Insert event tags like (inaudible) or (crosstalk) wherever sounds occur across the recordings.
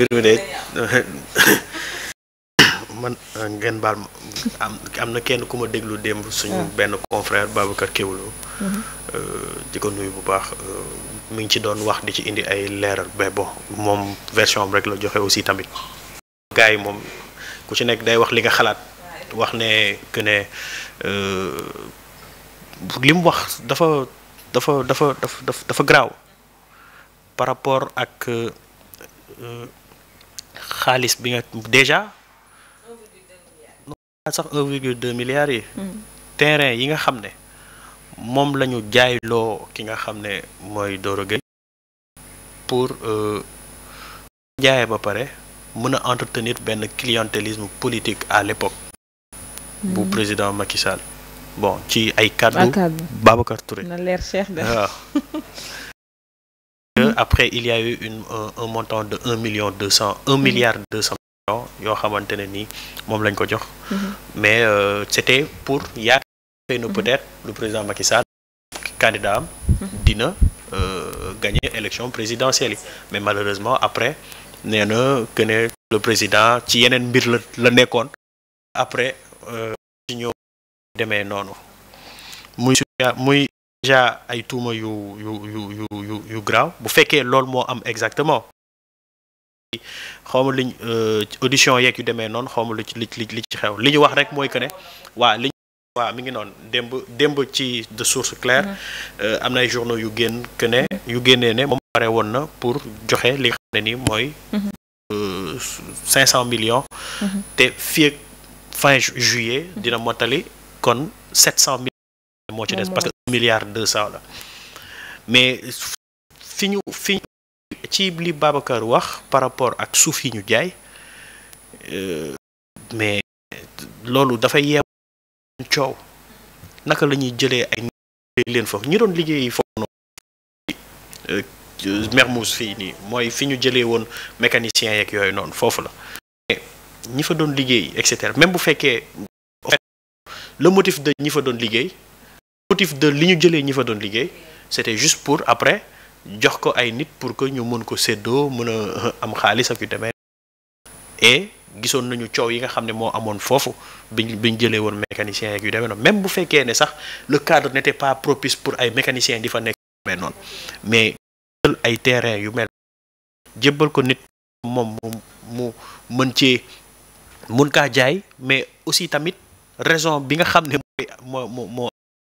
mbir mi de ngeen baal ma am na kenn ku ma déglu démb suñu ah. benn confrère Babacar Kewulo mhm. euh, di ko nuyu bu baax euh, mi ngi ci doon wax di ci indi ay leeral mais bon moom version am rek la joxe aussi tamit gars yi moom ku ci nekk day wax li nga xalaat wax ne que ne euh, wax dafa dafa dafa dafa dafa garaaw par rapport ak xaalis bi nga déjà. sax 1,2 milliards yi. Hmm. terrain yi nga xam ne moom lañu jaayloo ki nga xam ne mooy Doro Gueye pour euh, jaaye ba pare mën a entretenir benn clientélisme politique à l'époque bu hmm. président Macky bon ci ay kaddu Babacar Touré leer Cheikh waaw (laughs) après il y a eu une un, montant de un million deux cent un mhm. milliard deux cent millions yoo xamante ne nii moom lañ ko jox mhm. mais euh, c'était pour yaakaar na mhm. peut-être lu président Macky Sall candidat dina euh, gagner élection présidentielle yi mais malheureusement après nee na que le président ci yeneen mbir la la nekkoon après euh, ci ñëw demee noonu muy muy déjà ay touma yu yu yu yu yu yu bu fekkee loolu moo am exactement xawma liñ euh, audition yeeg yu demee noonu xawma lu ci li li ci xew li ñu wax rek mooy que waa li waaw mi ngi noon démb démb ci de source claire mm-hmm. euh, am na ay journaux yu génn que yu génnee ne moom pare woon na pour joxe li xam ne ni mooy mm-hmm. euh, cinq cent millions mm-hmm. te fii fin juillet dina mottali kon sept cent millions milliards de cent la mais fi ñu fi ci li Babacar wax par rapport ak suuf yi ñu jaay euh, mais loolu dafay yeew coow naka la ñuy jëlee ay leen foofu ñu doon liggéey foofu noonu euh, Mermoz fi nii mooy fi ñu jëlee woon mécanicien yeeg yooyu noonu foofu la ñi fa doon liggéey et cetera même bu fekkee le motif de ñi fa doon liggéey motif de li ñu jëlee ñi fa doon liggéey c'était juste pour après jox ko ay nit pour que ñu mën ko séddoo mën a euh, am xaalis ak yu demee. et gisoon nañu coow yi nga xam ne moo amoon foofu biñ biñ jëlee woon mécanicien ak yu demee noonu même bu fekkee ne sax le cadre n'était pas propice pour ay mécanicien di fa nekk mais noon mais jël ay terrain yu mel jébbal ko nit moom mu mu mën cee mun kaa jaay mais aussi tamit raison bi nga xam ne mooy moo moo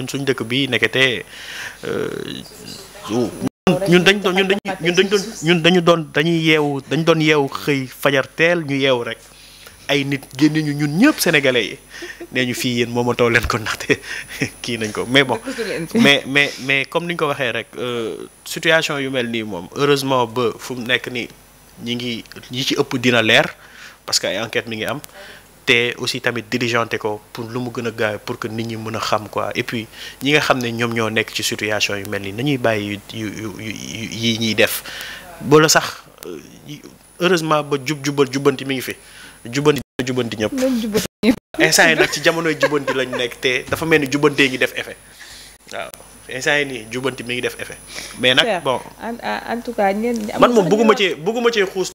ñun suñ dëkk bi nekkete euh, ñun dañ doon ñun dañ ñun dañ doon ñun dañu doon dañuy yeewu dañ doon yeewu xëy fajar teel ñu yeewu rek ay nit génn ñu ñun ñëpp sénégalais yi nee ñu fii yéen mooma taw leen ko ndaxte (laughs) kii nañ ko mais bon mais mais mais comme ni ñu ko waxee rek euh, situation yu mel nii moom heureusement ba fu mu nekk nii ñi ngi ñi ci ëpp dina leer parce que ay enquête mi ngi am te aussi tamit diligenté ko pour lu mu gën a gaaw pour que nit ñi mën a xam quoi et puis ñi nga xam ne ñoom ñoo nekk ci situation yu mel nii nañuy bàyyi yu yi ñuy def bala sax euh, heureusement ba jub jubal jubanti mi ngi fi jubanti jubanti ñëpp instant yi nag ci jamonoy jubanti lañ nekk te dafa mel ni jubantee ngi def effet waaw instant yi nii jubanti mi ngi def effet mais nag bon man moom bugguma cee bugguma cee xuus